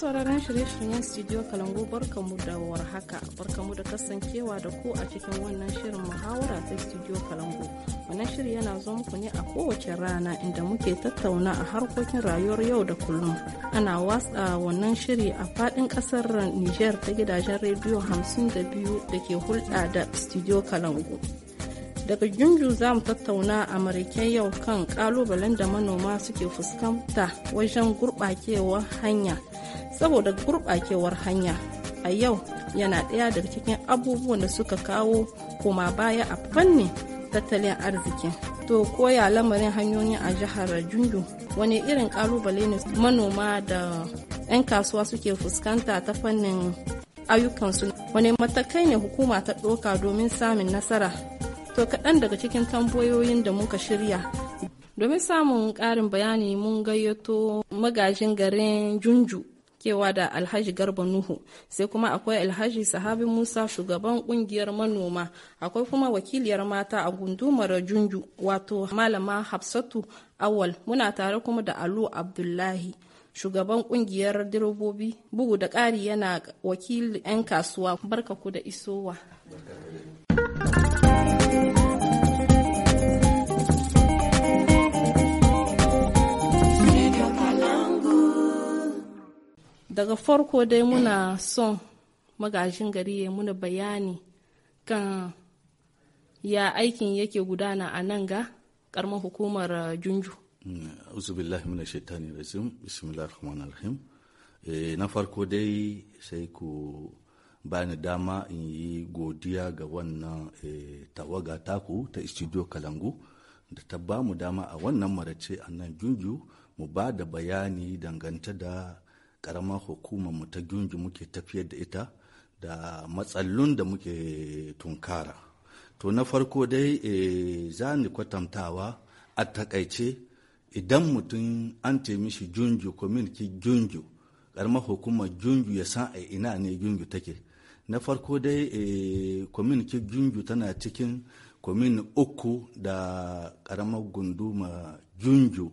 sauraron shirye-shiryen studio kalangu barkamu da warhaka barkamu da kasancewa da ku a cikin wannan shirin muhawara ta studio kalangu wannan shiri yana zo muku ne a kowace rana inda muke tattauna a harkokin rayuwar yau da kullum ana watsa wannan shiri a fadin kasar niger ta gidajen rediyo 52 da ke hulɗa da studio kalangu daga junju za mu tattauna a mariken yau kan kalubalen da manoma suke fuskanta wajen gurbakewar hanya saboda gurbakewar hanya a yau yana ɗaya daga cikin abubuwan da suka kawo koma baya a fanni tattalin arziki. to koya lamarin hanyoyi a jihar junju wani irin kalubale ne manoma da 'yan kasuwa suke fuskanta ta fannin ayyukansu wani matakai ne hukuma ta ɗoka domin samun nasara to kaɗan daga cikin tambayoyin da muka shirya domin samun ƙarin bayani mun gayyato magajin garin junju kewa da alhaji garba nuhu sai kuma akwai alhaji sahabi musa shugaban ƙungiyar manoma akwai kuma wakiliyar mata a gundumar junju wato malama hafsatu awal muna tare kuma da alu abdullahi shugaban ƙungiyar direbobi bugu da ƙari yana wakili 'yan kasuwa barkaku da isowa daga farko dai muna son magajin gari ya muna bayani kan ya aikin yake gudana a nan ga karamar hukumar uh, junju eh, na farko dai sai ku bani dama in yi godiya ga wannan eh, tawaga taku ta studio kalangu da ta ba mu dama a wannan marace a nan junju mu ba da bayani dangante da karamar mu ta gyungi muke tafiyar da ita da matsalun da muke tunkara to na farko dai e, za ni kwatantawa a takaice idan mutum an ce mishi junju community junju karamar hukumar junju ya san a ina ne junju take na farko dai e, community junju tana cikin komin uku da karamar gunduma junju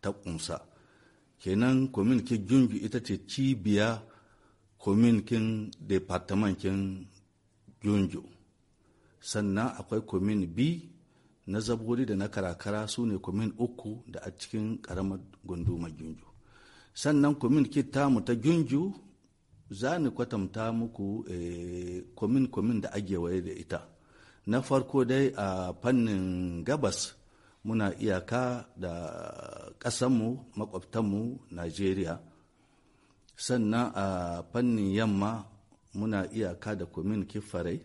ta kunsa kenan komin ke junju ita ce cibiya komin kominkin kin junju sannan akwai komin b na zaburi da na karakara su ne komin uku da a cikin karamar gundumar junju sannan komin tamu ta junju za ni kwatanta muku komin-komin eh, da agewaye da ita na farko dai a fannin gabas muna iyaka da ƙasanmu makwabtanmu najeriya sannan a fannin yamma muna iyaka da kwaminki farai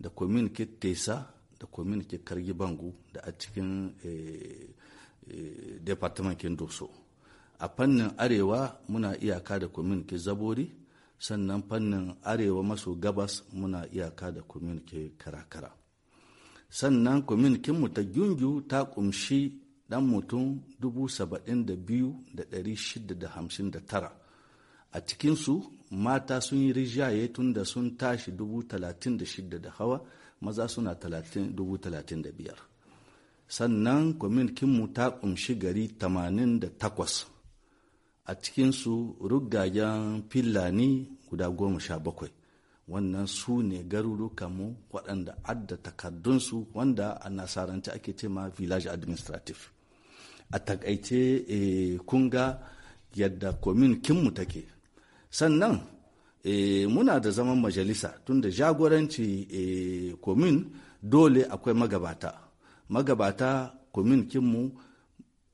da kwaminki tesa da kwaminki kargi bangu da a cikin eh, eh, departamentin doso a fannin arewa muna iyaka da kwaminki zabori sannan fannin arewa maso gabas muna iyaka da kwaminki karakara sannan kwamitinmu ta gyungyu ta kumshi dan mutum 72,659 a cikinsu mata sun yi rijaye tun da sun tashi 36,000 da hawa maza suna 35,000 sannan kwamitinmu ta kumshi gari 88 a cikinsu rugagen fillani guda goma sha bakwai. wannan su ne mu waɗanda adda takardunsu wanda a nasarance ake ce ma village administrative a takaice e, eh, kunga yadda komin kinmu take sannan e, muna da zaman majalisa tunda jagoranci eh, e, komin dole akwai magabata magabata komin kinmu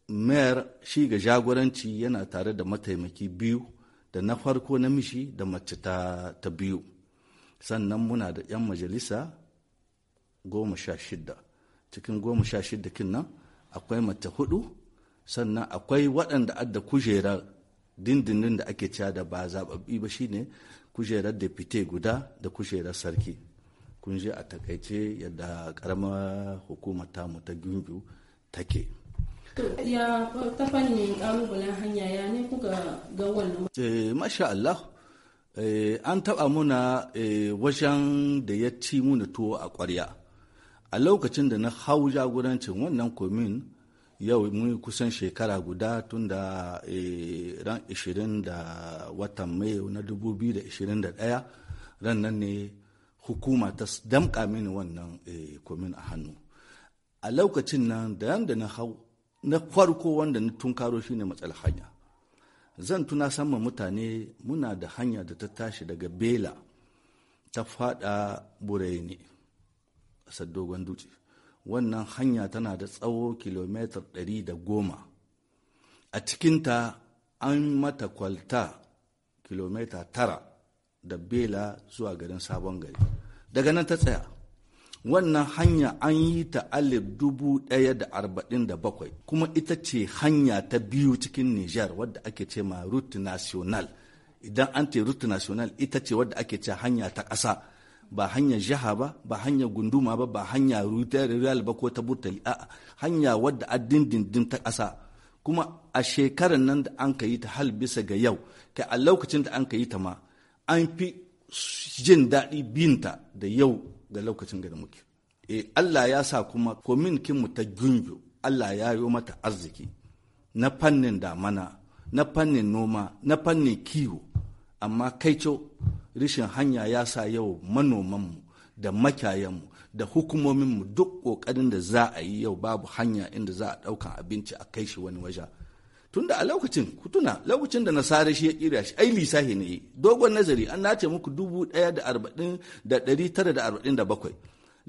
mayar shi ga jagoranci yana tare da mataimaki biyu da na farko na mishi da mace ta biyu sannan muna da 'yan majalisa goma sha shidda cikin goma sha shidda kin nan akwai mata hudu sannan akwai waɗanda adda kujera dindindin da ake cewa da ba zaɓaɓɓi ba shine kujerar fite guda da kujerar sarki kun je a takaice yadda karamar hukumar tamu ta gimbiyu take ya ta fannin ƙalubalen hanya ya ne kuka ga wannan eh, masha Allah Eh, an taɓa muna eh, wajen da ya ci muna tuwo a ƙwarya a lokacin da na hau jagorancin wannan komin yau mun kusan shekara guda tun da eh, ran 20 da watan mai na 2021 ran nan ne hukuma ta damƙa mini wannan komin a hannu a lokacin nan da da na hau na farko wanda na tunkaro shine matsalar hanya zan tuna sama mutane muna da hanya da ta tashi daga bela ta fada ne a dogon dutse wannan hanya tana da tsawo kilomitar ɗari da goma a cikinta an mata kwalta kilomita tara da bela zuwa garin sabon gari daga nan ta tsaya wannan hanya an yi ta alif dubu ɗaya da arba'in da bakwai kuma ita ce hanya ta biyu cikin Nijar wadda ake ce ma route national idan an ce route national ita ce wadda ake ce hanya ta ƙasa ba hanya jiha ba ba hanya gunduma ba ba hanya rural ba ko ta burtali a hanya wadda a dindindin ta ƙasa kuma a shekarar nan da an ka yi ta hal bisa ga yau kai a lokacin da an ka yi ta ma an fi jin daɗi binta da yau ga lokacin da muke e Allah ya sa kuma kominkin mu ta gunjo Allah ya yi mata arziki na fannin damana na fannin noma na fannin kiwo amma kai co rishin hanya ya sa yau manomanmu da makayanmu da hukumominmu duk ƙoƙarin da za a yi yau babu hanya inda za a ɗaukan abinci a kai shi wani waje tunda a lokacin kutuna lokacin da nasara shi ya kira shi ai lisahi ne dogon nazari an nace muku dubu ɗaya da arba'in da dari tara da arba'in da bakwai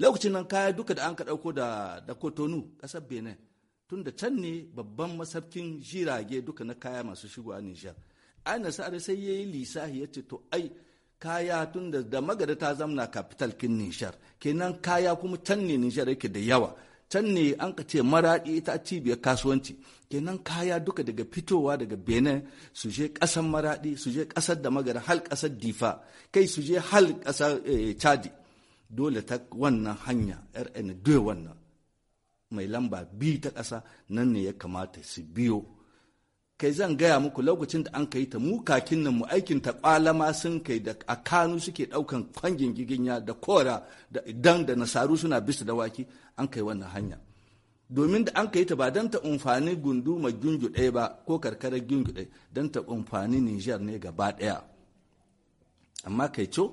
lokacin nan kaya duka da an ka ɗauko da da kotonu kasar benin tunda can ne babban masarkin jirage duka na kaya masu shigo a nijar ai nasara sai ya yi lisahi ya ce to ai kaya tun da magada ta zamna kapital kin nishar kenan kaya kuma can ne nijar yake da yawa can ne an ka ce maraɗi ita cibiyar kasuwanci kenan kaya duka daga fitowa daga benin su je ƙasar maraɗi su je ƙasar da magana hal ƙasar difa kai su je hal ƙasar eh, chadi dole ta wannan hanya rn2 wannan mai lamba biyu ta ƙasa nan ne ya kamata su biyo kai zan gaya muku lokacin da an kai ta mu kakin nan mu aikin ta kwalama sun kai da a kanu suke daukan kwangin giginya da kora da idan da nasaru suna bisa da waki an kai wannan hanya domin da an kai ta ba don ta umfani gundu ma gungu ɗaya ba ko karkarar gungu ɗaya don ta umfani niger ne gaba ɗaya amma kai co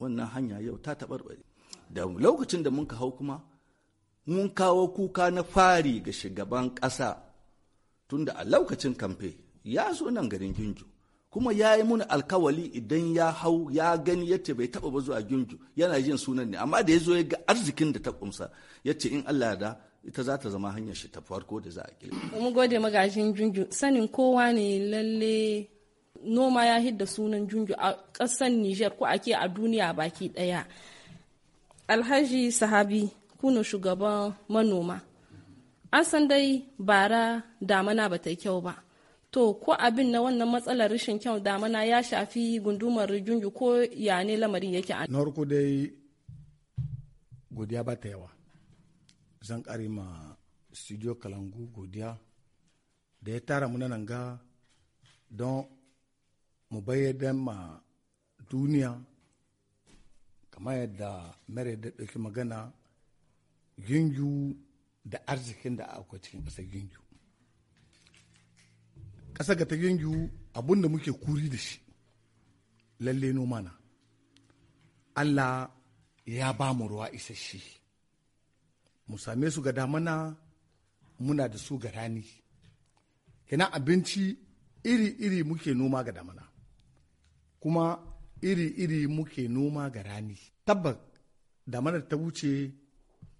wannan hanya yau ta taɓarɓare da lokacin da mun ka hau kuma mun kawo kuka na fari ga shugaban ƙasa tunda a lokacin kamfe ya zo nan garin Ginju kuma ya yi mun alkawali idan ya hau ya gani yace bai taba ba zuwa Ginju yana jin sunan ne amma da ya zo ya ga arzikin da ta kumsa yace in Allah ya da ita za ta zama hanyar shi ta farko da za a kire. Mu gode magajin Ginju sanin kowa ne lalle noma ya hidda sunan Ginju a ƙasar Niger ko ake a duniya baki ɗaya. Alhaji Sahabi kuna shugaban manoma an san dai bara damana ba ta kyau ba to ko abin na wannan matsalar rashin kyau damana ya shafi gundumar junju ko ya ne lamarin yake a na dai godiya ba ta yawa zan kare ma studio kalangu godiya da ya tara mu nan ga don mu bayyana ma duniya kamar yadda mere da ɗauki magana junju da arzikin da akwai cikin ƙasar gingu ƙasar ta gingu abun da muke kuri da shi lalle noma na allah ya ba mu ruwa isasshe mu same su ga damana muna da su ga rani kenan abinci iri-iri muke noma ga damana kuma iri-iri muke noma ga rani tabbas damanar ta wuce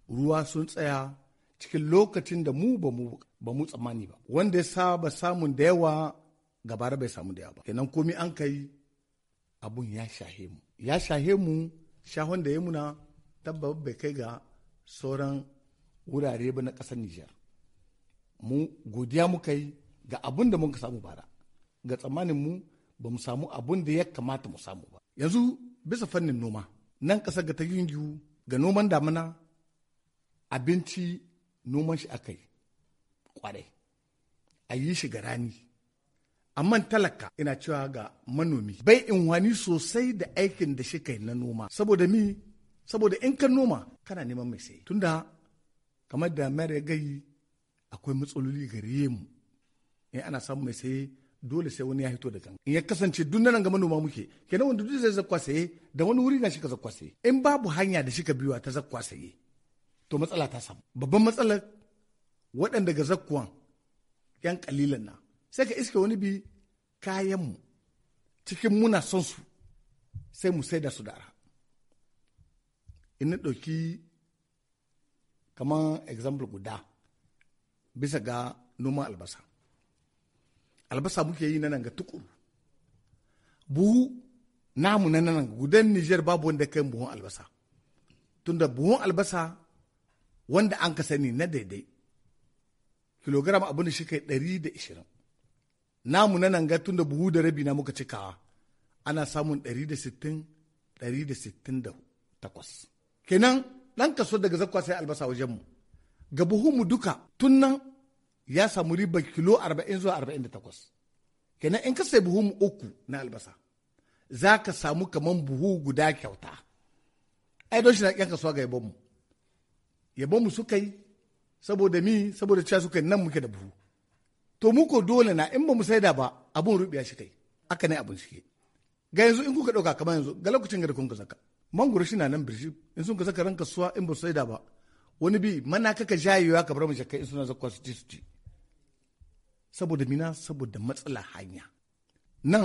ruwa sun tsaya cikin lokacin da mu ba mu tsammani ba wanda ya saba samun da yawa gabara bai samu da yawa ba kenan komi an kai abun ya shahe mu ya shahe mu shahon da ya muna tabbab bai kai ga sauran wurare ba na ƙasar Nijar mu godiya muka yi ga abun da muka samu bara ga tsammanin mu ba mu samu abun da ya kamata mu samu ba yanzu bisa fannin noma nan ƙasar ga ta yungiyu ga noman damuna abinci noman shi aka yi kwarai a yi shi ga rani amma talaka ina cewa ga manomi bai in wani sosai da aikin da shi kai na noma saboda mi saboda in ka noma kana neman mai sai tunda kamar da mayar gai akwai matsaloli gare mu in ana samun mai sai dole sai wani ya hito da kanka. in ya kasance duk nan ga manoma muke kenan wanda duk zai zakwa saye da wani wuri na shi ka zakwa saye in babu hanya da shi ka biwa ta zakwa saye to matsala ta samu babban matsalar waɗanda ga zakkuwan yan kalilan na sai ka iska wani bi kayanmu cikin muna son su sai mu sai da su da ara in na ɗauki kamar example guda bisa ga noman albasa albasa muke yi na nan ga tukuru buhu namu na nan gudan nijar babu wanda kai buhun albasa tunda buhun albasa wanda an ka sani na daidai kilogram abu da shi kai ɗari da ishirin namu na nan ga tun buhu da rabi na muka cikawa ana samun ɗari da sittin ɗari da sittin da takwas kenan ɗan kaso daga zakwa sai albasa wajenmu ga buhunmu duka tun nan ya samu riba kilo arba'in zuwa arba'in da takwas kenan in ka sai mu uku na albasa za ka samu kamar buhu guda kyauta ai don shi na ƙyan kasuwa ga yabonmu yabon mu suka yi saboda mi saboda cewa suka nan muke da buhu to mu ko dole na in ba mu saida ba abun rubiya shi kai aka ne abun shi ga yanzu in kuka dauka kamar yanzu ga lokacin ga da kun ka zaka mangoro shi na nan birji in sun ka zaka ranka suwa in ba su saida ba wani bi mana kaka jayewa ka bar mu shakka in suna zakwa su ci su ci saboda mina saboda matsala hanya nan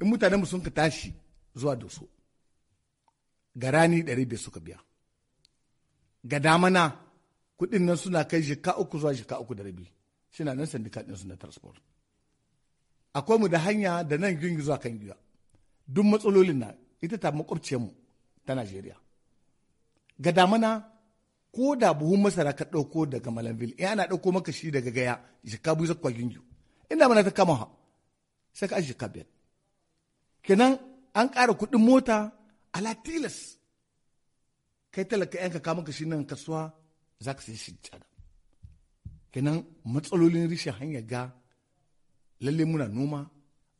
in mutanen mu sun ka tashi zuwa doso garani ɗari bai suka biya ga damana kuɗin nan suna kai shika uku zuwa shika uku da rabi suna nan sandika ɗin na transport akwai mu da hanya da nan gingi zuwa kan gida. duk matsalolin na ita ta mu ta najeriya ga damana ko da buhun masara ka ɗauko daga malamville in ana ɗauko maka shi daga gaya shika biyu zakwa gingi in damana ta kama ha sai ka shika biyar kenan an ƙara kuɗin mota ala tilas kai talaka yanka ka maka shi nan kasuwa za ka sai shi kenan matsalolin rishin hanya ga lalle muna noma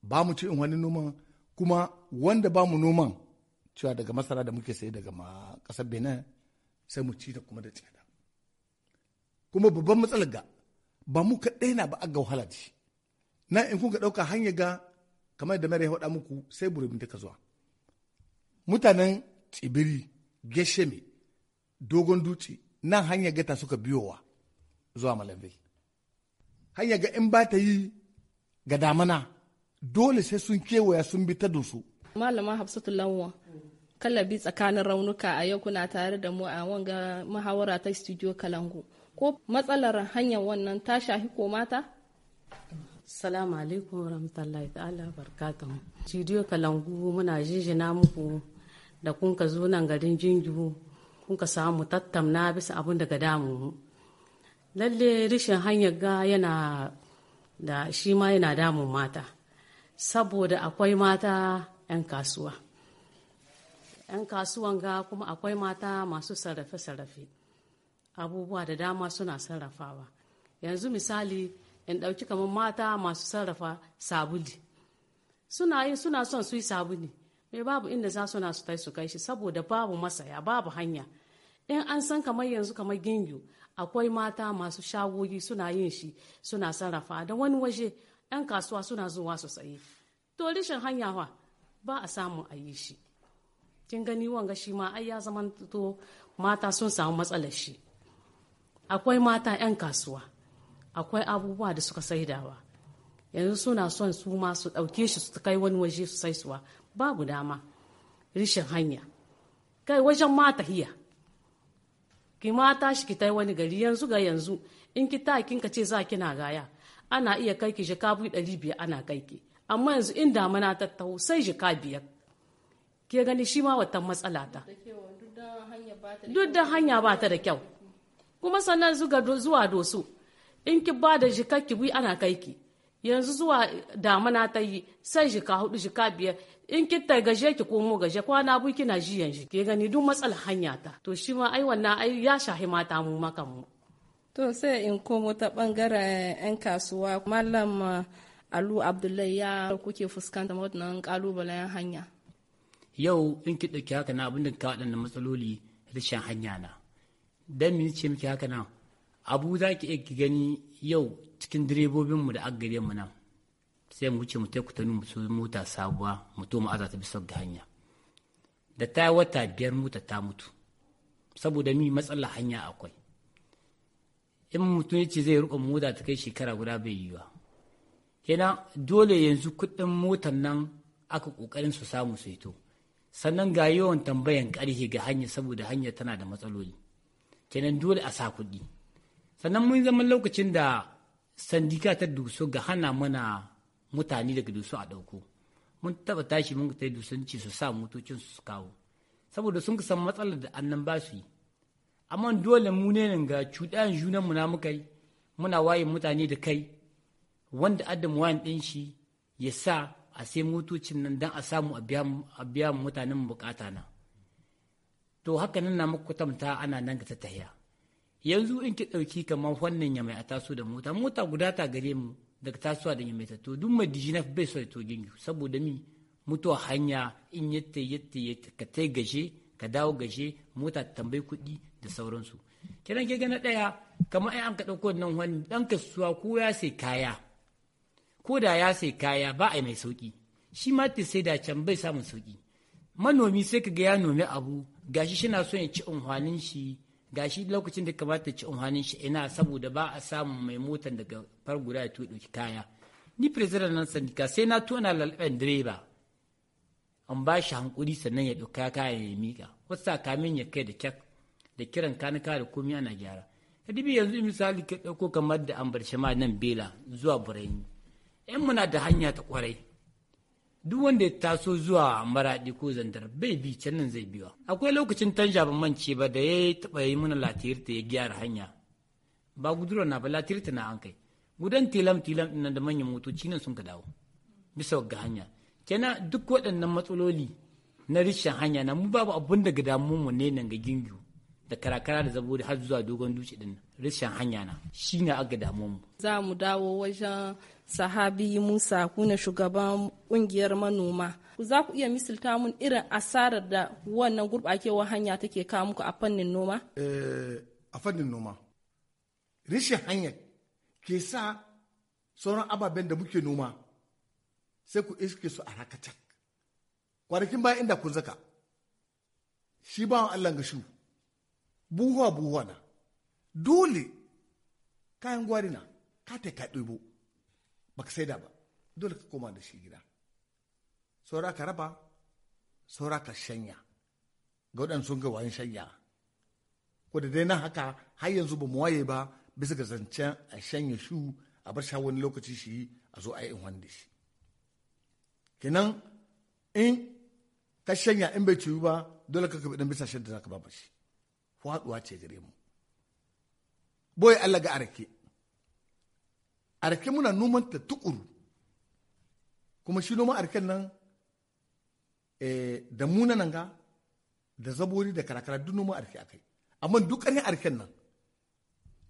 ba mu ci in wani noman kuma wanda ba mu noman cewa daga masara da muke sayi daga kasar benin sai mu ci da kuma da tsada kuma babban matsalar ga ba mu kaɗai na ba ga wahala da shi na in kuka ɗauka hanya ga kamar da mara ya faɗa muku sai burabin ta ka zuwa mutanen tsibiri geshemi dogon duci nan hanya gata suka biyowa zuwa malambe hanya ga in ba ta yi ga damana dole sai sun kewaya sun bi ta dusu malama hafsatu kala kallabi tsakanin raunuka a yau kuna tare da mu a wanga muhawara ta studio kalangu ko matsalar hanyar wannan ta shafi ko mata salamu alaikum rahmatullahi ta'ala barkatun. studio kalangu muna jijina muku da kun ka zo nan garin jinju kun ka samu tattamna bisa abin daga damu lalle rishin hanyar ga yana da shi ma yana damun mata saboda akwai mata 'yan kasuwa 'yan kasuwan ga kuma akwai mata masu sarrafe-sarrafe abubuwa da dama suna sarrafawa yanzu misali in ɗauki kamar mata masu sarrafa sabuli suna yi suna son su yi sabuli me eh, babu inda za su na su tai su kai shi saboda babu masaya babu hanya in an san kamar yanzu kamar gingu akwai mata masu shagogi suna yin shi suna sarrafa da wani waje 'yan kasuwa suna zuwa su sayi to rishin hanya ba a samu a yi shi kin gani wanga shi ma ai ya zama to mata sun samu matsalar shi akwai mata 'yan kasuwa akwai abubuwa da suka saidawa yanzu suna son su ma su ɗauke shi su kai wani waje su saisuwa babu dama rishin hanya kai wajen ma tahiya ki ma tashi ki tai wani gari yanzu ga yanzu in ki ta kin ka ce za kina gaya ana iya kai ki jika bu dari biyar ana kai ki amma yanzu in damana ta taho sai jika biyar ke gani shi ma wata matsala ta duk da hanya ba ta da kyau kuma sannan zuwa doso in ki ba da jika ki bu ana kai ki yanzu zuwa damana ta yi sai jika hudu jika biyar in ki gaje ki komo gaje kwana bu kina ji yanzu ke gani duk matsalar hanya ta to shi ma ai wannan ai ya shahi mata mu makan mu to sai in komo ta bangaren yan kasuwa mallam eh, alu abdullahi ya kuke fuskanta wannan kalubalen hanya yau in ki ɗauki haka na abin da ka wadannan matsaloli rashin hanya na dan mi ce miki haka na abu zaki iya gani yau cikin direbobin mu da mu nan sai mu wuce mu ta kuta tanu mu mota sabuwa mu to mu aza ta bisa ga hanya da ta wata biyar mota ta mutu saboda mi matsala hanya akwai in mutum ya ce zai riƙa mota ta kai shekara guda bai yi ba kenan dole yanzu kuɗin motar nan aka ƙoƙarin su samu su to sannan ga yawan tambayan ƙarhe ga hanya saboda hanya tana da matsaloli kenan dole a sa kuɗi sannan mun zama lokacin da sandika ta duso ga hana mana mutane daga dusu a ɗauko mun taba tashi mun ta dusunci su sa motocin su kawo saboda sun san matsalar da annan ba su yi amma dole mu ne nan ga cuɗayan junan mu na muka yi muna waye mutane da kai wanda adam wayan ɗin shi ya sa a sai motocin nan dan a samu a biya mutanen bukata na to haka nan na muku tamta ana nan ga tattahiya yanzu in ki ɗauki kamar wannan ya mai a taso da mota mota guda ta gare mu daga tasowa da yammaita to duk mai dijina bai so ya toge saboda mi mutuwa hanya in yatta yatta ka tai gashe ka dawo gashe mota ta tambayi kuɗi da sauransu kiran ke na ɗaya kamar ai an ka ɗauko nan wani ɗan kasuwa ko ya sai kaya ko da ya sai kaya ba a mai sauki shi ma ta sai da can bai samun sauki manomi sai ka ga ya nomi abu gashi shi na son ya ci unhwanin shi gashi lokacin da kamata ci umhanin shi ina saboda ba a samun mai motar daga far guda ya tuɗo kaya ni president nan sandika sai na tona lalɓen direba an ba shi hankuri sannan ya ɗauka kaya ya mika. wasu kamin ya kai da kyak da kiran kanika da komi ana gyara kadibi yanzu misali ka ɗauko kamar da ambar shama nan bela zuwa Yan yan muna da hanya ta kwarai duk wanda ya taso zuwa maraɗi ko zandar bai bi can nan zai biwa akwai lokacin tanja ban mance ba da ya taɓa yi mana latirta ya gyara hanya ba gudura na ba latirta na an kai gudan tilam tilam ɗin da manyan motoci nan sun ka dawo bisa ga hanya kenan duk waɗannan matsaloli na rishin hanya na mu babu abun da ga damu mu ne nan ga gingiyu da karakara da zaburi har zuwa dogon dutse ɗin rishin hanya na shine ga damu mu za mu dawo wajen sahabi musa kuna shugaban kungiyar manoma za ku iya misalta mun irin asarar da wannan gurɓakewar hanya take kawo muku a fannin noma eh, a fannin noma rishin hanyar ke sa sauran ababen da muke noma sai ku iske su a rakatak kwanakin bayan inda kun zaka shi bawa allah ga shu buhuwa buhuwa na dole kayan gwari na ka ta ka ɗebo baka saida ba dole ka koma da shi gida saura ka raba saura ka shanya ga waɗanda sun ga wayan shanya ko da dai nan haka har yanzu ba mu waye ba bisa ga zancen a shanya shu a bar sha wani lokaci shi a zo a yi in da shi kenan in ka shanya in bai ciwu ba dole ka kaɓi ɗan bisa da za ka ba shi faɗuwa ce gare mu boye Allah ga arake arke muna noman ta tukuru kuma shi noman arken nan eh, da muna nan ga da zabori da karakara duk noman arke akai amma dukkanin arken nan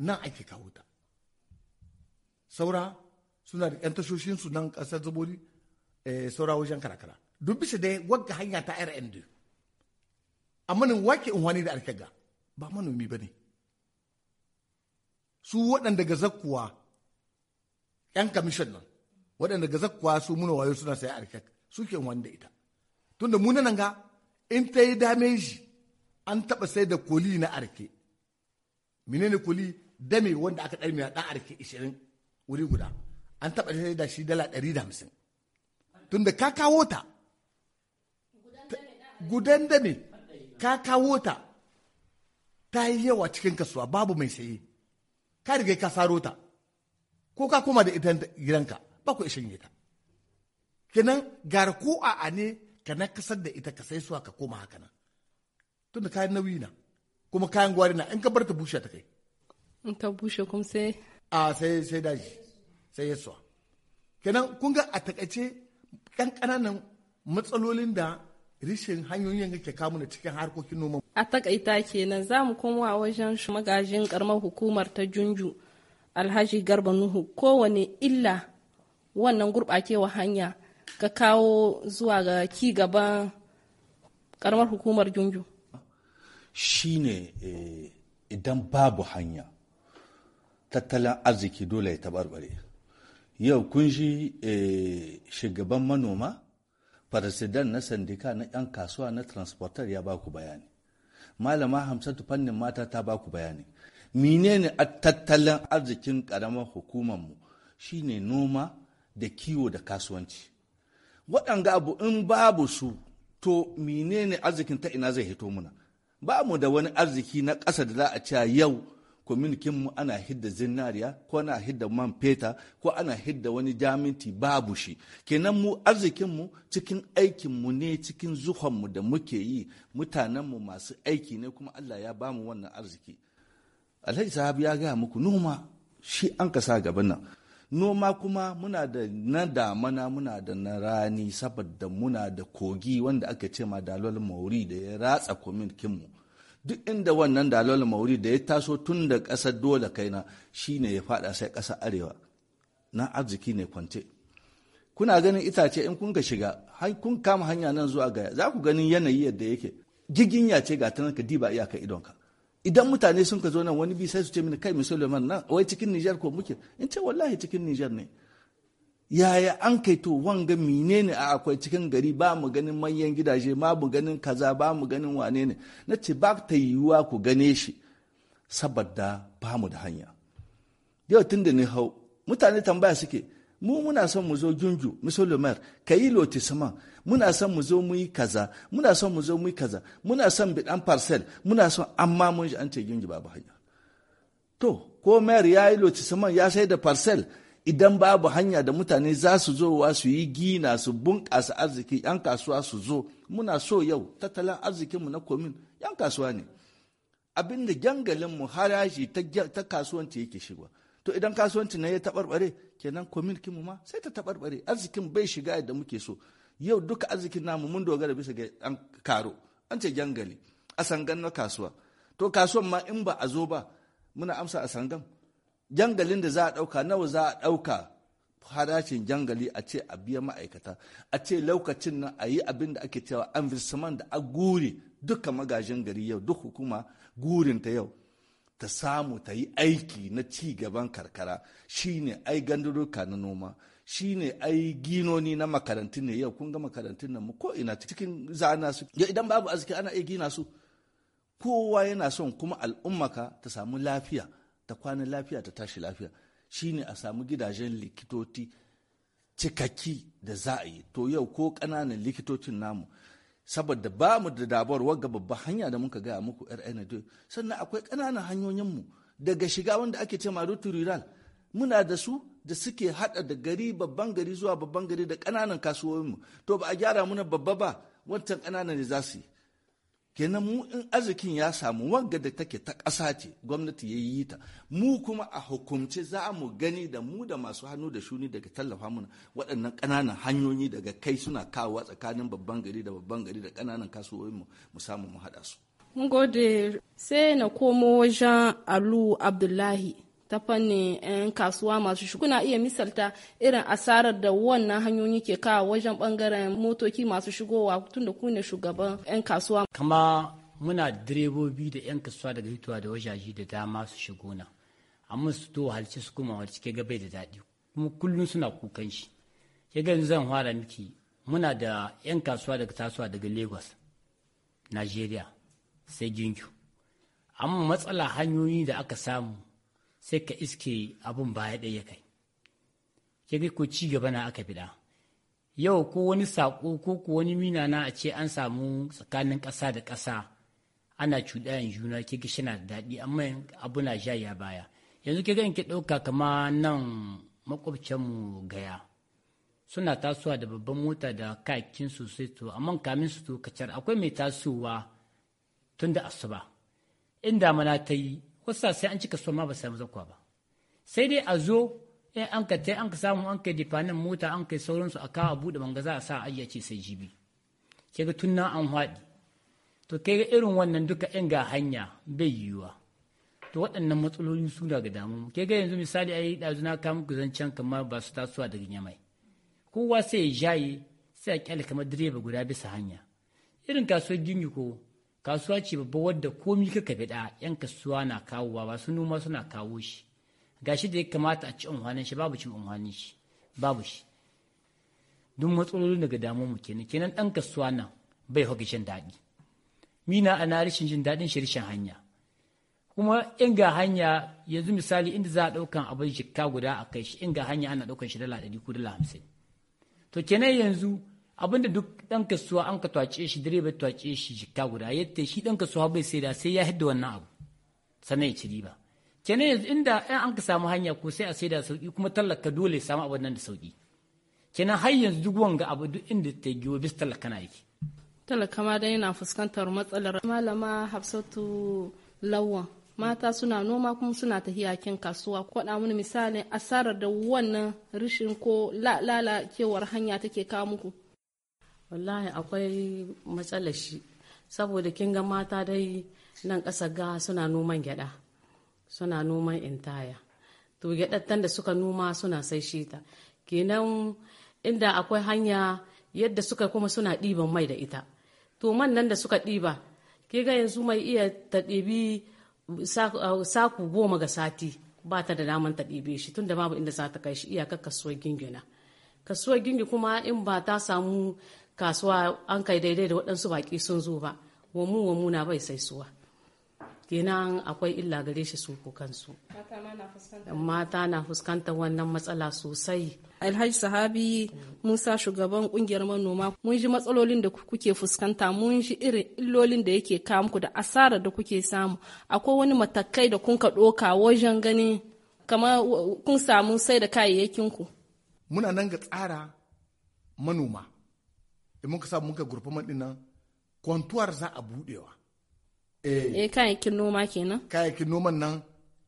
nan ake kawo ta saura suna da yan tashoshin nan kasar zabori eh, saura wajen karakara duk bisa dai wagga hanya ta rnd amma nan wake in wani da arke ga ba manomi ba ne su waɗanda ga zakkuwa 'yan kamishin nan waɗanda ga zakkuwa su muna wayo suna sai arkek suke wanda ita tunda mu nan ga in ta yi dameji an taɓa sai da koli na arke menene koli dame wanda aka ɗari mai ɗan arke ishirin wuri guda an taɓa sai da shi dala ɗari da hamsin tunda ka kawo ta gudan dame ka kawo ta ta yi yawa cikin kasuwa babu mai saye ka riga ka saro ta ko ka koma da ita gidanka ba ku ishin ta kenan garku ko a ne ka na kasar da ita ka sai suwa ka koma haka nan tunda kayan nauyi na kuma kayan gwari na in ka bar ta bushe ta kai in ta bushe kuma sai a sai sai daji sai ya suwa kenan kun ga a takaice kan kananan matsalolin da rishin hanyoyin ke kamu da cikin harkokin noma a takaita kenan za mu koma wajen magajin karamar hukumar ta junju alhaji garba nuhu kowane illa wannan gurɓacewa hanya ka kawo zuwa ga ci gaban karamar hukumar junju shine eh, idan babu hanya tattalin arziki dole ya tabarbare yau kun shi eh, shugaban manoma farasidan na sandika na 'yan kasuwa na transportar ya baku bayani malama hamsatu fannin mata ta baku bayani menene a tattalin arzikin hukumar hukumarmu shine noma da kiwo da kasuwanci waɗanga abu in babu su to menene arzikin ta ina zai hito muna ba mu da wani arziki na ƙasa da za a ce yau kwaminikin mu ana hidda zinariya ko ana hidda man feta ko ana hidda wani jaminti babu shi kenan mu arzikinmu cikin aikinmu ne cikin zuhonmu da muke yi mutanenmu masu aiki ne kuma allah ya bamu wannan arziki alhaji sahab ya gaya muku noma shi an kasa gaban nan noma kuma muna da na damana muna da na rani saboda muna da kogi wanda aka ce ma dalol mauri da ya ratsa kominkinmu duk inda wannan dalol mauri da ya taso tun da ƙasar dole kai kaina shine ya faɗa sai ƙasar arewa na arziki ne kwance kuna ganin itace in kun ka shiga kun kama hanya nan zuwa gaya za ku ganin yanayi yadda yake giginya ce ga ta ka diba iyaka idonka idan mutane sun ka zo nan wani bi sai su ce mini kai man nan wai cikin Nijar ko muke in ce wallahi cikin Nijar ne yaya an kai to wanga mine ne a akwai cikin gari ba mu ganin manyan gidaje ma mu ganin kaza ba mu ganin wane ne na ce ba ta yiwuwa ku gane shi saboda ba mu da hanya yau tun da ni hau mutane tambaya suke mu muna son mu zo junju musulmar ka yi lotisman muna son mu zo mu yi kaza muna son mu zo mu yi kaza muna son dan parcel muna son amma mun ji an ce gingi babu hanya to ko mayar ya yi loci saman ya sai da parcel idan babu hanya da mutane za su zo wa su yi gina su bunƙasa arziki yan kasuwa su zo muna so yau tattalin arzikinmu na komin yan kasuwa ne abinda mu haraji ta kasuwanci yake shigwa to idan kasuwanci na ya taɓarɓare kenan komin kinmu ma sai ta taɓarɓare arzikin bai shiga yadda muke so yau duka arzikin namu mun dogara bisa ga an karo an ce jangali a sangan na kasuwa to kasuwan ma in ba a zo ba muna amsa a sangan jangalin da za a ɗauka nawa za a ɗauka farashin jangali a ce a biya ma'aikata a ce lokacin nan a yi abin da ake cewa an environment da a guri duka magajin gari yau duk hukuma ta yau ta samu ta yi aiki na ci gaban karkara shine ai ganduruka na noma shi ne ai ginoni na makarantun ne yau kun ga makarantun nan mu ko ina cikin zana su idan babu arziki ana iya gina su kowa yana son kuma al'ummaka ta samu lafiya ta kwana lafiya ta tashi lafiya shi ne a samu gidajen likitoci cikakki da za a yi to yau ko ƙananan likitocin namu saboda ba mu da dabarwar ga babban hanya da muka gaya muku rna sannan akwai ƙananan hanyoyinmu daga shiga wanda ake ce ma rural muna da su da suke hada da gari babban gari zuwa babban gari da ƙananan kasuwoyinmu to ba a gyara muna babba ba wancan kananan ne za su yi kenan mu in arzikin ya samu wanga da take ta ƙasa ce gwamnati ya yi ta mu kuma a hukumce za mu gani da mu da masu hannu da shuni daga tallafa muna waɗannan ƙananan hanyoyi daga kai suna kawo tsakanin babban gari da babban gari da ƙananan kasuwar mu samu mu haɗa su. Mun gode sai na komo wajen Alu Abdullahi. ta fannin 'yan kasuwa masu shi kuna iya misalta irin asarar da wannan hanyoyi ke kawo wajen bangaren motoki masu shigowa tunda da ku ne shugaban 'yan kasuwa kama muna direbobi da 'yan kasuwa daga hituwa da wajaji da dama su shigo na amma su to halce su kuma halce ke gabai da daɗi kuma kullum suna kukan shi ya ga zan fara miki muna da 'yan kasuwa daga tasowa daga lagos nigeria sai ginkyu amma matsala hanyoyi da aka samu sai ka iske abun baya ɗaya kai ke ko ci gaba na aka fiɗa yau ko wani saƙo ko ko wani mina na a ce an samu tsakanin ƙasa da ƙasa ana cuɗayan juna ke ga shi da daɗi amma abu na ya baya yanzu ke ga in ki ɗauka kama nan makwabcinmu gaya suna tasowa da babban mota da kayakin su sai to amma kamin su to kacar akwai mai tasowa tun da asuba inda mana ta yi wasu sai an cika soma ba samu zakwa ba sai dai a zo in an ka tai an ka samu an kai difanin mota an kai sauransu a kawo a buɗe banga za a sa ayya ce sai jibi ke ga tunna an haɗi to kai ga irin wannan duka in ga hanya bai yiwuwa to waɗannan matsaloli su daga damu ke ga yanzu misali ai ɗazu na ka muku zancen kamar ba su tasowa daga nyamai kowa sai ya jaye sai a ƙyale kamar direba guda bisa hanya irin kasuwar gini ko kasuwa ce babba wadda komi kaka faɗa yan kasuwa na kawo ba su noma suna kawo shi gashi da ya kamata a ci unhwanin shi babu cin unhwanin shi babu shi duk matsalolin daga damu mu kenan kenan dan kasuwa nan bai hau jin daɗi mina ana rashin jin daɗin shi rashin hanya kuma in ga hanya yanzu misali inda za a ɗaukan abin ka guda a kai shi in ga hanya ana ɗaukan shi dala ɗari ko dala hamsin to kenan yanzu abinda duk dan kasuwa an ka twace shi direba twace shi jikka guda yadda shi dan kasuwa bai sai da sai ya hidda wannan abu sannan ya ci riba kenan yanzu inda ɗan an ka samu hanya ko sai a sai da sauki kuma tallaka dole ya samu abin nan da sauki kenan har yanzu duk wanga abu duk inda ta giwo bis tallaka na yake talaka ma dai yana fuskantar matsalar malama hafsatu lawa mata suna noma kuma suna tafiya kin kasuwa da mun misalin asarar da wannan rishin ko lalacewar hanya take kawo muku wallahi akwai matsalar shi saboda kin ga mata dai nan ƙasa ga suna noman gyada suna noman intaya to gyadattan da suka noma suna sai shi ta kenan inda akwai hanya yadda suka kuma suna ɗiban mai da ita to man nan da suka ɗiba ke ga yanzu mai iya ta ɗebi saku goma ga sati ba ta da daman ta ɗibe shi tunda babu inda za ta kai shi iyakar kasuwar gingina kasuwar gingi kuma in ba ta samu kasuwa an kai daidai da waɗansu baƙi sun zo ba wamu wamu na bai sai suwa kenan akwai illa gare shi su kansu mata na fuskantar wannan matsala sosai alhaji sahabi musa shugaban kungiyar manoma mun ji matsalolin da kuke fuskanta mun ji irin illolin da yake kawo muku da asarar da kuke samu akwai wani matakai da kun ka ɗoka wajen ganin kamar kun samu sai da kayayyakin ku muna nan ga tsara manoma in muka sa muka gurfa din nan kwantuwar za a budewa eh. eh kayayyakin noma kenan kayayyakin noman nan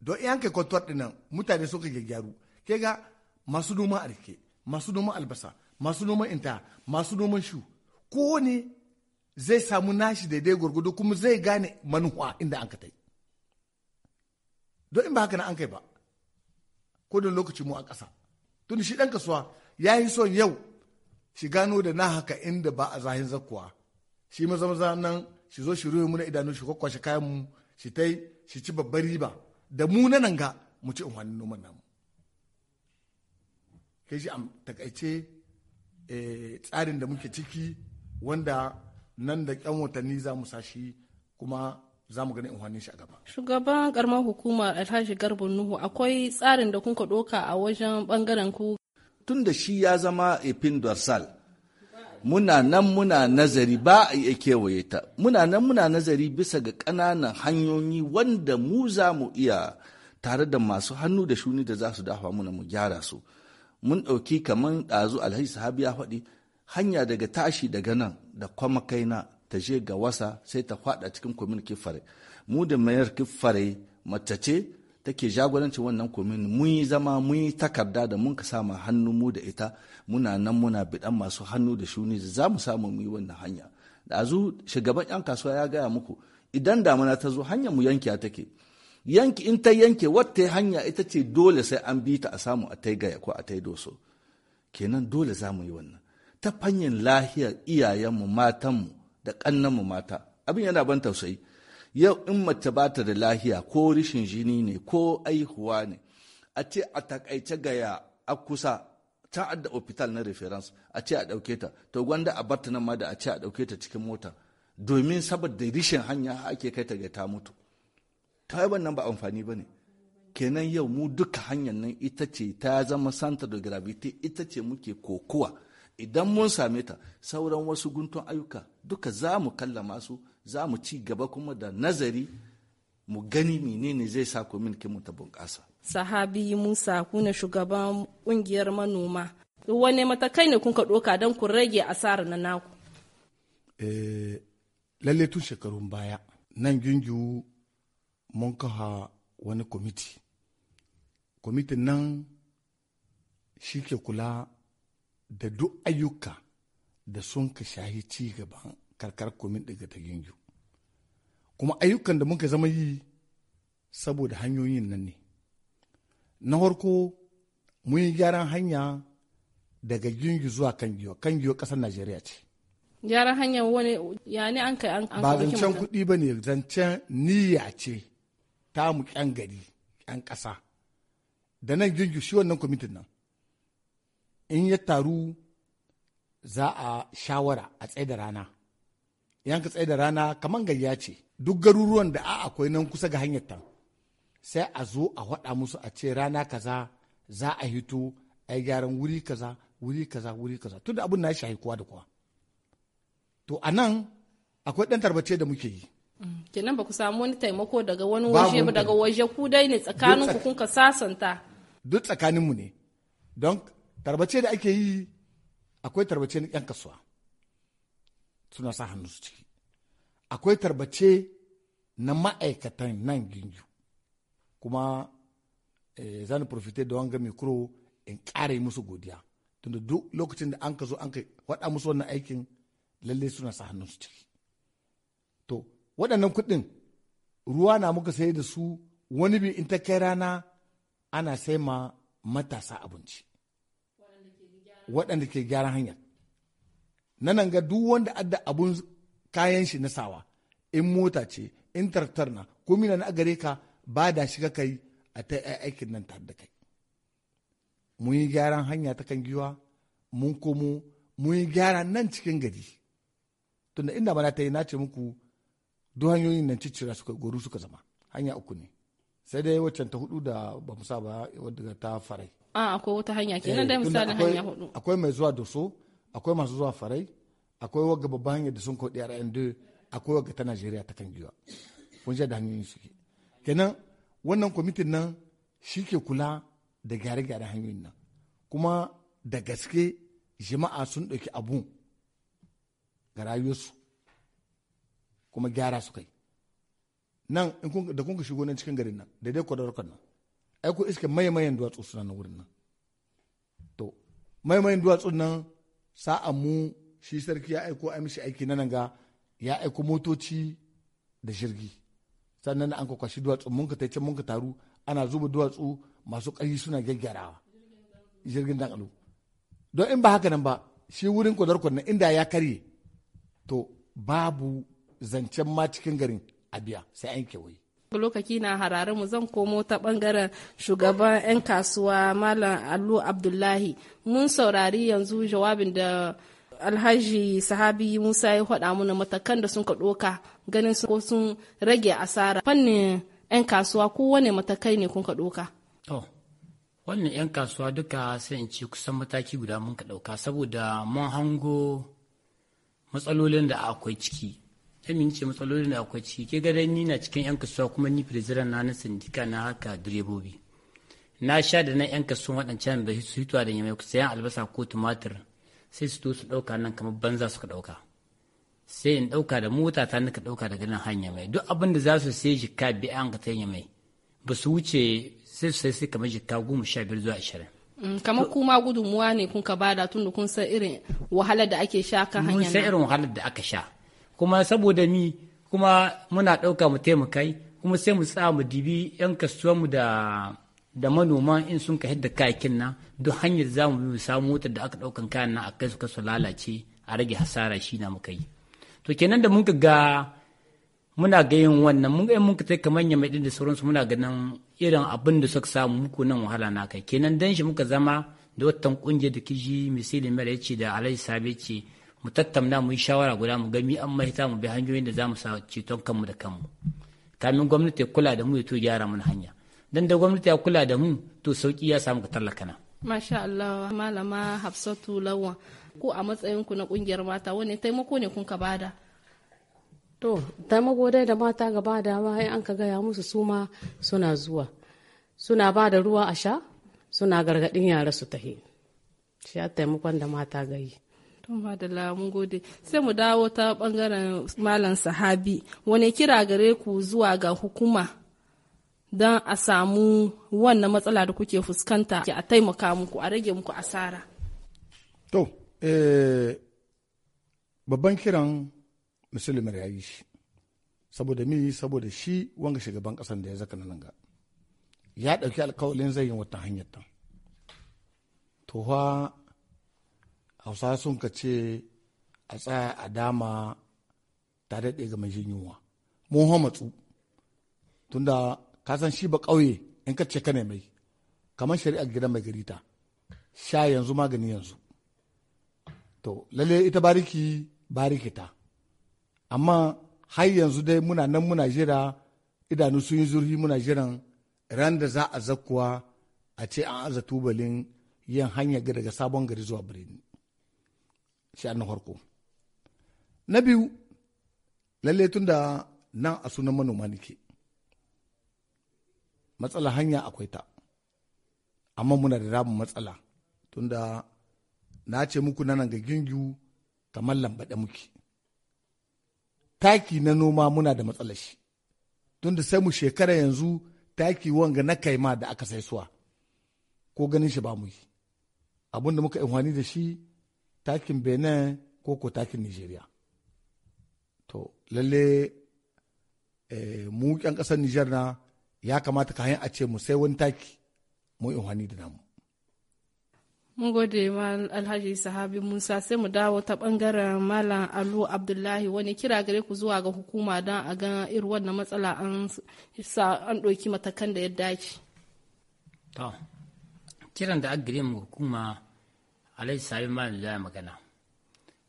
don iya kai kwantuwar din nan mutane suka gyaggyaru. ke ga masu noma arke masu noma albasa masu noma inta masu noman shu kowane zai samu nashi daidai gwargwado kuma zai gane manuwa inda an ka tai don in ba haka na an kai ba ko don lokaci mu a ƙasa tun shi ɗan kasuwa ya yi son yau shi gano da na haka inda ba a zahin zakuwa shi maza maza nan shi zo shi ruwe muna idanu shi kwakwashe kayan mu shi tai shi ci babbar riba da mu na nan ga mu ci umarnin noman namu kai shi a takaice eh, tsarin da muke ciki wanda nan da kyan watanni za mu sashi kuma za mu gani umarnin shi a gaba. Shugaban karamar hukumar Alhaji Garba Nuhu akwai tsarin da kun ka doka a wajen bangaren ku tun da shi ya zama efin dorsal muna nan muna nazari ba a iya kewaye ta muna nan muna nazari bisa ga ƙananan hanyoyi wanda mu za mu iya tare da masu hannu da shuni da za su dafa muna mu gyara su mun ɗauki kamar ɗazu alhaji sahabi ya faɗi hanya daga tashi daga nan da kwama kaina ta je ga wasa sai ta faɗa cikin kwamin kifare mu da mayar kifare mace ce take jagorancin wannan komin mun yi zama mun yi takarda da mun ka sama hannu mu da ita muna nan muna bidan masu hannu da shuni za mu samu mu yi wannan hanya da azu shugaban yan kasuwa ya gaya muku idan damuna ta zo hanyar mu ta take yanki in ta yanke wata hanya ita ce dole sai an bi ta a samu a tai gaya ko a tai doso kenan dole za mu yi wannan ta fanyin lahiyar iyayenmu matanmu da ƙannanmu mata abin yana ban tausayi yau in mace ba ta da lahiya ko rishin jini ne ko aihuwa ne a ce a takaice gaya a kusa ta adda hospital na reference a ce a ɗauke ta to gwanda a barta nan ma da a ce a ɗauke ta cikin mota domin saboda rishin hanya ake kai ta ga ta mutu ta wannan ba amfani ba ne kenan yau mu duka hanyar nan ita ce ta zama santa da gravity ita ce muke kokuwa idan mun same ta sauran wasu guntun ayyuka duka za mu kallama su za mu ci gaba kuma da nazari mu gani menene zai sa community mu ta bunƙasa. Sahabi Musa kuna shugaban ƙungiyar manoma. Wane matakai ne kunka ɗoka don ku rage asarar na naku? Eh, lalle tun shekarun baya nan gingi mun kaha wani kwamiti. Kwamitin nan shi ke kula da duk ayyuka da sun ka shahi ci gaban karkar komin daga ta gingu kuma ayyukan da muka zama yi saboda hanyoyin nan ne na farko mun yi gyaran hanya daga gingu zuwa kangiyo kangiyo kasar najeriya ce gyaran hanya wani ya ne an kai an ba zancen kuɗi ba ne zancen niyya ce ta mu ƙyan gari yan ƙasa da nan gingu shi wannan kwamitin nan in ya taru za a shawara a tsaye da rana yan ka tsaye da rana kaman gayya ce duk garuruwan da a akwai nan kusa ga hanyar ta sai a zo a waɗa musu a ce rana kaza za a hito a yi gyaran wuri kaza wuri kaza wuri kaza tunda abin na shi kowa da kowa to a nan akwai ɗan tarbace da muke yi mm, kenan ba ku samu wani taimako daga wani waje ba daga waje ku dai ne tsakanin ku kun ka sasanta duk tsakaninmu ne don tarbace da ake yi akwai tarbace na yan kasuwa suna sa hannu su ciki akwai tarbace na ma'aikatan nan gingi kuma eh, za profite da wanga mikro in ƙara musu godiya tunda duk lokacin da an ka zo an ka waɗa musu wannan aikin lalle suna sa hannun su ciki to waɗannan kuɗin ruwa na muka sayar da su wani bi in ta kai rana ana sai ma matasa abinci waɗanda ke gyaran hanyar. na nan ga duk wanda adda abun kayan shi na sawa in mota ce in tartar na ko mina na gare ka ba da shiga kai a ta aikin nan tare da kai mun yi gyaran hanya ta kan giwa mun komo mun yi gyara nan cikin gari tunda inda mana ta yi na ce muku duk hanyoyin nan ciccira suka goru suka zama hanya uku ne sai dai waccan ta hudu da ba mu saba wadda ta farai a ah, akwai wata hanya kenan eh, da misalin hanya hudu akwai mai zuwa doso akwai masu zuwa farai akwai wagga babban hanyar da sun koɗi a ra'ayin akwai wagga ta najeriya ta kan giwa kun da hanyoyin suke kenan wannan kwamitin nan shi ke kula da gyare gyare hanyoyin nan kuma da gaske jama'a sun ɗauki abu ga rayuwarsu kuma gyara su kai nan da kun ka shigo nan cikin garin nan da dai kwadarkon nan ai ku iska maimayan duwatsu suna na wurin nan to maimayin duwatsu nan sa'an mu shi sarki ya aiko a mishi aiki na nan ga ya aiko motoci da jirgi sannan an kwakwashi duwatsu mun ka taice mun ka taru ana zuba duwatsu masu ƙarfi suna gyaggyarawa jirgin dan alu don in ba haka nan ba shi wurin kwadar kudin inda ya karye to babu zancen ma cikin garin a biya sai an kewaye lokaci na harare mu zan komo ta bangaren shugaban 'yan kasuwa malam allu abdullahi mun saurari yanzu jawabin da alhaji sahabi musa ya faɗa mana matakan da sun ka ɗoka ganin ko sun rage asara fannin 'yan kasuwa ko wane matakai ne kun ka ɗoka wannan 'yan kasuwa duka sai in ce kusan mataki guda mun ka ɗauka saboda mun hango matsalolin da akwai ciki Emin ce matsalolin da akwai ciki ke gadon ni na cikin yan kasuwa kuma ni president na na sindika na haka direbobi. Na sha da na yan kasuwan waɗancan da su hituwa da yamai sayan albasa ko tumatir sai su to su ɗauka nan kamar banza suka ɗauka. Sai in ɗauka da mota ta nika ɗauka daga nan hanya mai duk abin da za su sai jikka bi an ka ta mai ba su wuce sai su sai sai kamar jikka goma sha biyar zuwa ashirin. Mm, kamar kuma gudunmuwa ne kun ka bada tun da kun san irin wahalar da ake sha kan hanya mun san irin wahalar da aka sha kuma saboda mi kuma muna ɗauka mu taimakai kuma sai mu tsaya mu dibi 'yan kasuwanmu da da manoma in sun ka hidda kayakin nan duk hanyar za mu samu motar da aka ɗaukan kayan nan a kai su kasu lalace a rage hasara shi na muka yi to kenan da mun ga muna ga yin wannan mun ga mun kai kamar ya da sauransu muna ganin irin abin da suka samu muku nan wahala na kai kenan dan shi muka zama da watan kungiyar da kiji misali mara ya ce da alai sabe ce mu tattauna mu yi shawara guda mu gami an mahita mu bi hanyoyin da za mu sa ceton kanmu da kanmu kamin gwamnati ya kula da mu ya to gyara mana hanya dan da gwamnati ya kula da mu to sauki ya samu ka tallaka na masha Allah malama Hafsatu Lawa ko a matsayin ku na kungiyar mata wani taimako ne kun ka bada to taimako dai da mata gaba da ma an ka gaya musu su ma suna zuwa suna ba da ruwa a sha suna gargadin yara su tahi shi taimakon da mata gayi Tun madalla mun gode. Sai mu dawo ta bangaren Malam Sahabi. wani kira gare ku zuwa ga hukuma don a samu wannan matsala da kuke fuskanta a taimaka muku a rage muku asara? To, eh, babban kiran musulmi ya yi shi. Saboda mi saboda shi wanga shugaban kasan da ya zaka nan ga. Ya ɗauki alkawalin zai yi wata hanyar ta. tuwa. hausa sun ka ce a tsaya a dama ta daɗe ga mai jin yunwa mun hamatsu tunda ka san shi ba ƙauye in ka ce ka mai kamar shari'ar gidan mai gari ta sha yanzu magani yanzu to lalle ita bariki bariki ta amma har yanzu dai muna nan muna jira idanu sun yi zurfi muna jiran ran da za a zakuwa a ce an aza tubalin yin hanyar daga sabon gari zuwa birni shi na farko na biyu lalle tun da nan a sunan manoma nake matsala hanya akwai ta amma muna da ramin matsala tun da na ce muku nan ga gingu kamar lambaɗe muke taki na noma muna da matsala shi tun da sai mu shekara yanzu taki wanga na kaima da aka suwa ko ganin shi ba mu yi abinda muka amfani da shi takin benin ko ko takin nigeria to lalle eh, mu yan kasar niger na ya kamata ka hanyar a ce mu sai wani taki mu yi da namu mun gode ma alhaji sahabi musa sai mu dawo ta bangaren malam alu abdullahi wani kira gare ku zuwa ga hukuma don a ga irin wannan matsala an an ɗauki matakan da ya dace kiran da agire mu hukuma alhaji sabi ma da magana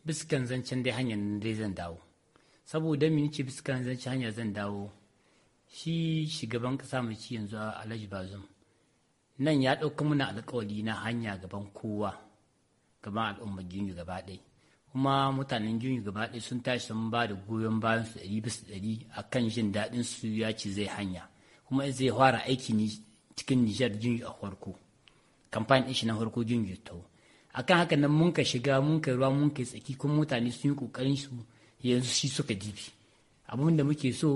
biskan zancen dai hanyar da zan dawo saboda min ce biskan zancen hanyar zan dawo shi shugaban kasa mai ci yanzu alhaji bazum nan ya ɗauka muna alkawali na hanya gaban kowa gaban al'ummar gini gaba ɗaya kuma mutanen gini gaba ɗaya sun tashi sun ba da goyon bayan su ɗari bisa ɗari a kan jin daɗin su ya ce zai hanya kuma zai fara aiki cikin nijar gini a farko kamfani ɗin shi na farko gini tau akan haka nan mun ka shiga mun kai ruwa mun kai tsaki kuma mutane sun yi kokarin su yanzu shi suka jibi abin da muke so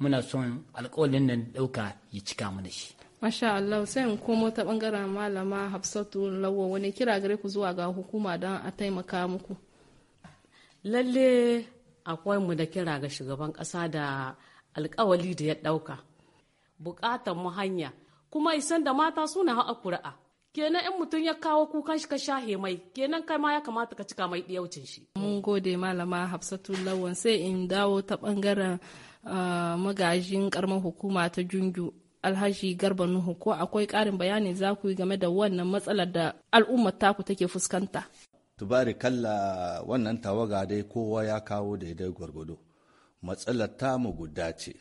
muna son alkawalin nan ɗauka ya cika mana shi Masha Allah sai in komo ta bangaren malama Hafsatu Lawo wani kira gare ku zuwa ga hukuma don a taimaka muku. Lalle akwai mu da kira ga shugaban ƙasa da alƙawali da ya ɗauka. Buƙatan mu hanya kuma isan da mata suna ha'a kuri'a. kenan in mutum ya kawo kukan shi ka shahe mai kenan kai ma ya kamata ka cika mai ɗiyaucin shi. mun gode malama hafsatu lawan sai in dawo ta bangaren ah, magajin karamar hukuma ta junju alhaji garba nuhu ko akwai ƙarin bayani za ku yi game da wannan matsalar da al'ummar taku take fuskanta. tubari kalla wannan tawaga dai kowa ya kawo daidai gwargwado matsalar tamu guda ce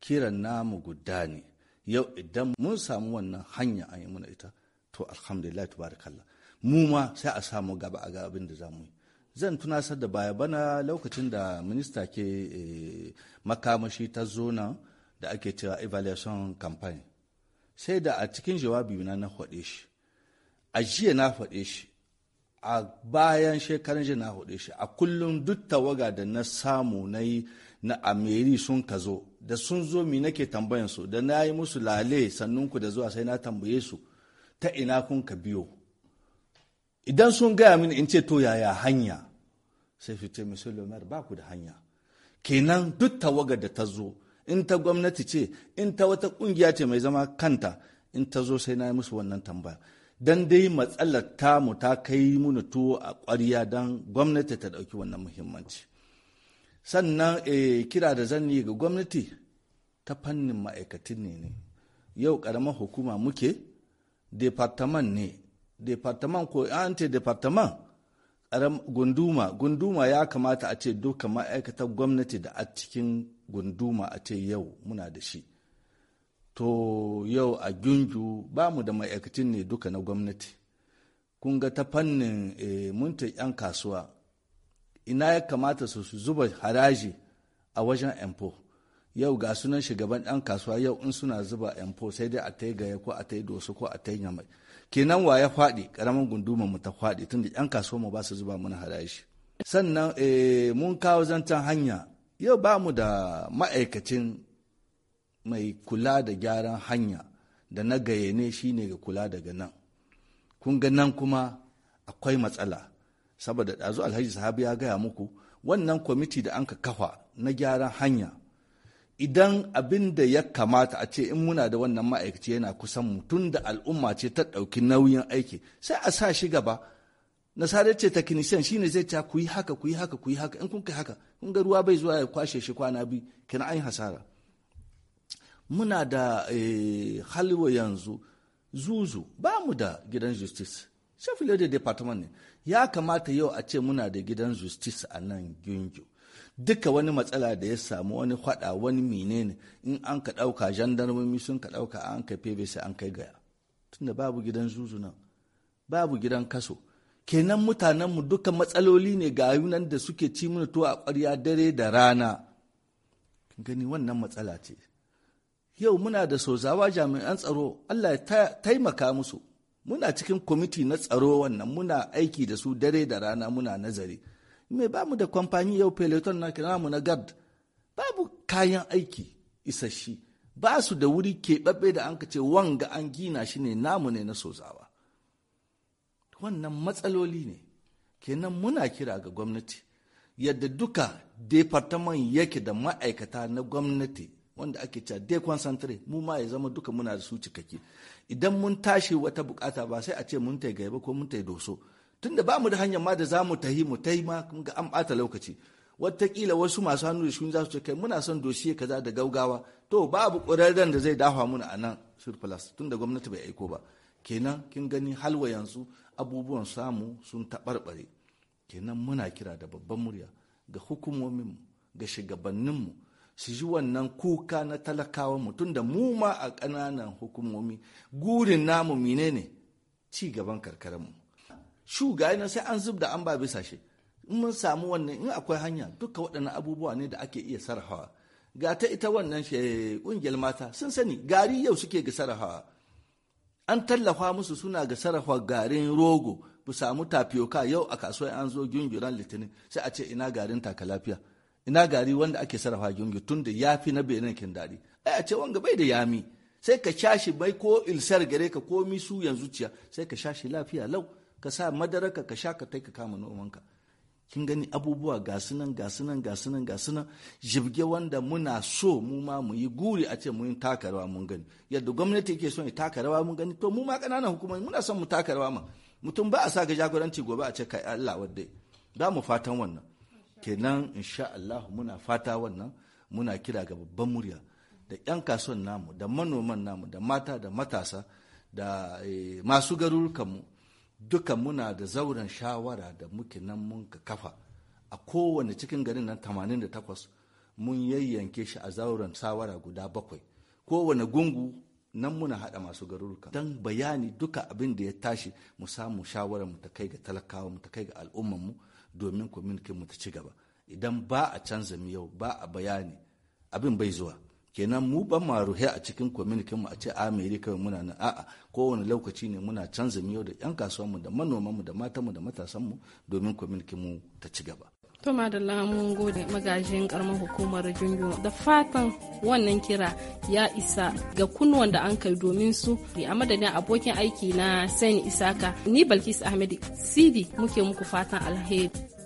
kiran namu guda ne yau idan mun samu wannan hanya an yi muna ita to alhamdulillah tubarakallah mu ma sai a samu gaba a ga abin da zamu yi zan tunasar da baya bana lokacin da minista ke eh, makamashi ta zona da ake cewa evaluation campaign sai da a cikin jawabi na na faɗe shi a jiya na faɗe shi a bayan shekaran jiya na faɗe shi a kullum duk tawaga da na samu na yi na ameri sun ka zo da sun zo mi nake tambayansu. da na yi musu lale sannunku da zuwa sai na tambaye su ta ina kun ka biyo idan sun gaya mini in ce to yaya hanya sai fice ce le ba ku da hanya kenan duk tawaga da ta zo in ta gwamnati ce in ta wata kungiya ce mai zama kanta in ta zo sai na yi musu wannan tambaya dan dai matsalar ta mu ta kai muni tuwo a ƙwarya don gwamnati ta dauki wannan muhimmanci sannan eh, kira da zan yi ga gwamnati ta fannin ma'aikatan ne ne yau karamar hukuma muke departaman ne departaman ko an ce departaman gunduma gunduma ya kamata a ce duka ma'aikatar gwamnati da a cikin gunduma a ce yau muna da shi to yau a gunju ba mu da ma'aikacin ne duka na gwamnati kun ga ta fannin e, eh, munta 'yan kasuwa ina ya kamata su zuba haraji a wajen empo yau ga sunan shugaban ɗan kasuwa yau in suna zuba yanfo sai dai a ta gaya ko a ta dosu ko a ta yamai kenan wa ya faɗi ƙaramin gunduma mu ta faɗi tunda yan kasuwa mu ba su zuba mana harashi sannan eh, mun kawo zancen hanya yau ba mu da ma'aikacin mai kula da gyaran hanya da na gayyane shine ga kula daga nan kun ga nan kuma akwai matsala saboda ɗazu alhaji sahabi ya gaya muku wannan kwamiti da an ka kafa na gyaran hanya idan abin da ya kamata a ce in muna da wannan ma'aikaci yana kusan mutum da al'umma ce ta ɗauki nauyin aiki sai a sa shi gaba nasarar ce shi ne zai ta ku yi haka ku yi haka ku yi haka in kun kai haka kun ga ruwa bai zuwa ya kwashe shi kwana biyu kina an yi hasara muna da eh, halwa yanzu zuzu ba mu da gidan justice shafi da department ne ya kamata yau a ce muna da gidan justice a nan gyungyu duka wani matsala da ya samu wani faɗa wani menene in an ka ɗauka jandarmomi sun ka ɗauka an ka febe sai an kai gaya tunda babu gidan zuzunan babu gidan kaso kenan mutanen mutanenmu duka matsaloli ne ga yunan da suke ci mana to a ƙwarya dare da rana gani wannan matsala ce yau muna da sozawa jami'an tsaro allah ya taimaka musu muna cikin kwamiti na tsaro wannan muna aiki da su dare da rana muna nazari me ba mu da kwamfani yau peloton na kira mu na gard babu kayan aiki isashi ba su da wuri keɓaɓɓe da an ka ce wanga an gina shi ne namu ne na sozawa wannan matsaloli ne kenan muna kira ga gwamnati yadda duka departaman yake da ma'aikata na gwamnati wanda ake cewa deconcentrate mu ma ya zama duka muna da su cikakke idan mun tashi wata bukata ba sai a ce mun tai gaiba ko mun tai doso tunda ba mu da hanyar ma da za mu tahi mu tahi ma kun ga an bata lokaci wataƙila wasu masu hannu da shuni za su ce kai muna son dosiye kaza da gaugawa to babu ƙwararren da zai dafa muna a nan surplus tunda gwamnati bai aiko ba kenan kin gani halwa yanzu abubuwan samu sun taɓarɓare kenan muna kira da babban murya ga hukumominmu ga shugabanninmu su ji wannan kuka na talakawan mu tunda mu ma a ƙananan hukumomi gurin namu menene ci gaban karkararmu shu ga nan sai an zub da an ba bisa shi in mun samu wannan in akwai hanya duka waɗannan abubuwa ne da ake iya sarrafawa ga ta ita wannan shi ƙungiyar mata sun sani gari yau suke ga sarrafawa an tallafa musu suna ga sarrafa garin rogo bu samu tapioca yau a kasuwa an zo gyungyuran litinin sai a ce ina garin taka lafiya ina gari wanda ake sarrafa gyungyur tun da ya fi na benin kin daɗi ai a ce wanga bai da yami sai ka shashi bai ko ilsar gare ka komi su yanzu ciya sai ka shashi lafiya lau ka sa madaraka ka sha ka ta ka kama nomanka kin gani abubuwa ga nan ga nan ga nan ga nan jibge wanda muna so mu ma mu yi guri a ce yi taka rawa mun gani yadda gwamnati yake so ya taka rawa mun gani to mu ma kananan hukumomi muna son mu taka rawa ma mutum ba a sa jagoranci gobe a ce kai Allah wadda za mu fatan wannan kenan insha Allah muna fata wannan muna kira ga babban murya da 'yan kasuwan namu da manoman namu da mata da matasa da eh, masu garurukan garurukanmu duka muna da zauren shawara da muke nan mun ka kafa a kowane cikin garin nan takwas mun yayyanke shi a zauren shawara guda bakwai kowane gungu nan muna haɗa masu garuruka don bayani duka abin da ya tashi mu samu shawarar mu ta kai ga talakawa mu ta kai ga al'ummar mu domin kwamitin mu ta ci gaba idan ba a canza yau ba a bayani abin bai zuwa kenan mu ban ma ruhe a cikin kwaminikin mu a ce amerika muna nan a'a kowane lokaci ne muna canza miyau da yan kasuwanmu da manomanmu da matanmu da matasanmu domin kwaminikin mu ta ci gaba to madalla mun gode magajin karamar hukumar junjo da fatan wannan kira ya isa ga kunnuwan da an kai domin su a madadin abokin aiki na sani isaka ni balkis ahmed sidi muke muku fatan alheri